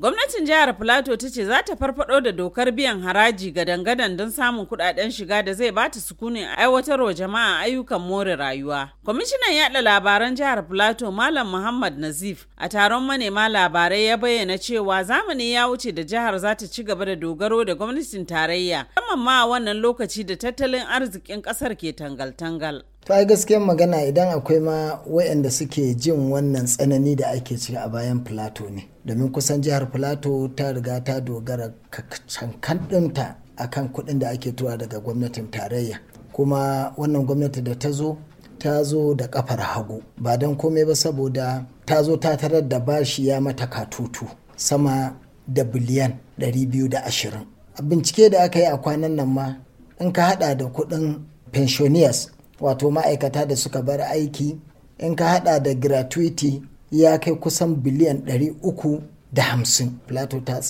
Gwamnatin jihar Filato ta ce za ta farfado da dokar biyan haraji ga dangadan don samun kudaden shiga da zai bata sukunin aiwatarwa jama'a ayyukan more rayuwa. Kwamishinan yada labaran jihar Filato Malam Muhammad Nazif a taron manema labarai ya bayyana cewa zamani ya wuce da jihar za ta ci gaba da dogaro da gwamnatin tarayya, musamman ma a wannan lokaci da tattalin arzikin kasar ke tangal-tangal. to ai gaskiyar magana idan akwai ma waɗanda suke jin wannan tsanani da ake ciki a bayan plato ne domin kusan jihar plato ta riga ta dogara cankan ɗinta akan kuɗin da ake tura daga gwamnatin tarayya kuma wannan gwamnati da ta zo ta zo da kafar hagu ba don komai ba saboda ta zo ta tarar da bashi ya mata katutu sama da biliyan 220 bincike da aka yi a kwanan nan ma in ka hada da kuɗin pensioners wato ma'aikata da suka bar aiki in ka hada da gratuity ya kai kusan biliyan uku da hamsin plato ta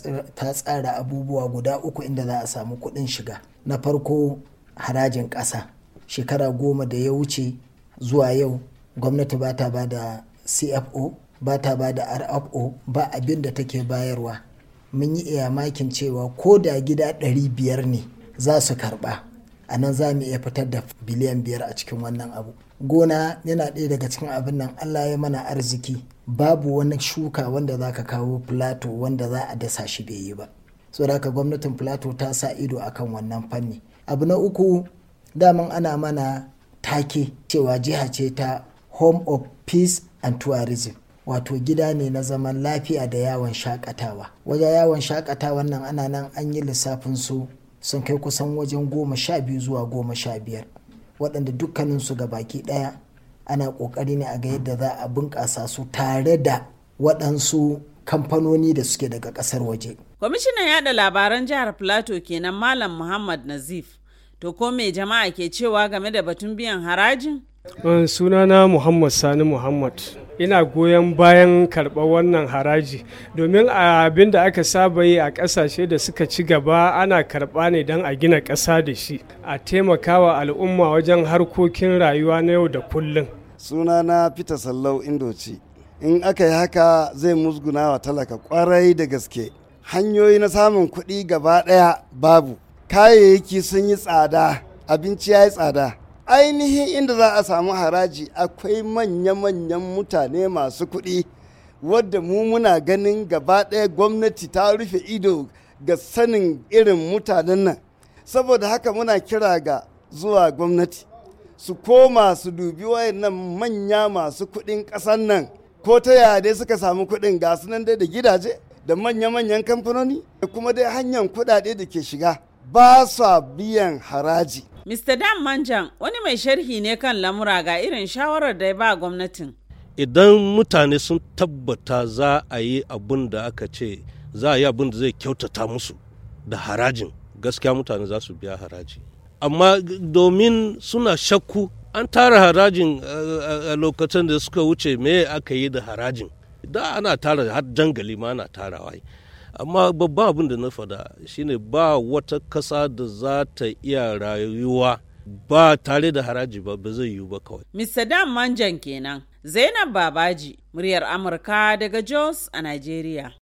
tsara abubuwa guda uku inda za a samu kuɗin shiga na farko harajin ƙasa shekara goma da ya wuce zuwa yau gwamnati ba ta ba da cfo ba ta ba da rfo ba abin da take bayarwa mun yi iyamakin cewa ko da gida 500 ne za su karba a nan za mu iya fitar da biliyan biyar a cikin wannan abu gona yana ɗaya daga cikin abin nan allah ya mana arziki babu wani shuka wanda za ka kawo plato wanda za a dasa shi bai yi ba so da ka gwamnatin plato ta sa ido akan wannan fanni abu na uku daman ana mana take cewa jiha ce ta home of peace and tourism wato gida ne na zaman lafiya da yawon shakatawa wajen yawon shakatawa nan ana nan an yi lissafin su sun kai kusan wajen goma sha biyu zuwa goma sha biyar waɗanda dukkaninsu ga baki ɗaya ana ƙoƙari ne a ga yadda za a bunƙasa su tare da waɗansu kamfanoni da suke daga ƙasar waje. Kwamishinan yaɗa labaran jihar Plateau kenan Malam Muhammad Nazif. To ko mai jama'a ke cewa game da batun biyan harajin? Uh, sunana Muhammad Sani Muhammad. ina goyon bayan karɓar wannan haraji domin abin da aka saba yi a ƙasashe da suka ci gaba ana karɓa ne don a gina ƙasa da shi a taimakawa al'umma wajen harkokin rayuwa na yau da kullum na fita sallau indoci in aka yi haka zai musguna wa talaka kwarai da gaske hanyoyi na samun kuɗi gaba ɗaya babu kayayyaki sun yi tsada abinci ya yi tsada ainihin inda za a samu haraji akwai manya-manyan mutane masu kuɗi wadda mu muna ganin gaba ɗaya gwamnati ta rufe ido ga sanin irin mutanen nan saboda haka muna kira ga zuwa gwamnati su koma su dubi wayannan manya masu kuɗin ƙasan nan ko ta yaya suka samu kuɗin ga su nan dai da gidaje da manya-manyan kamfanoni da kuma dai hanyar kuɗaɗe da ke shiga ba sa biyan haraji Mr. Dan Manjan wani mai sharhi ne kan lamura ga irin shawarar da ya ba gwamnatin. Idan mutane sun tabbata za a yi abin da aka ce za a yi abin da zai kyautata musu da harajin gaskiya mutane za su biya haraji. Amma domin suna shakku an tara harajin eh, eh, a lokacin da suka wuce me aka yi da harajin. Da ana tara har jangali ma ana tarawa. amma babba abin da na fada shine ba wata ƙasa da za ta iya rayuwa ba tare da haraji ba ba zai yiwu ba kawai. Mr. Dan Manjan kenan Zainab Babaji muryar Amurka daga Jos a nigeria.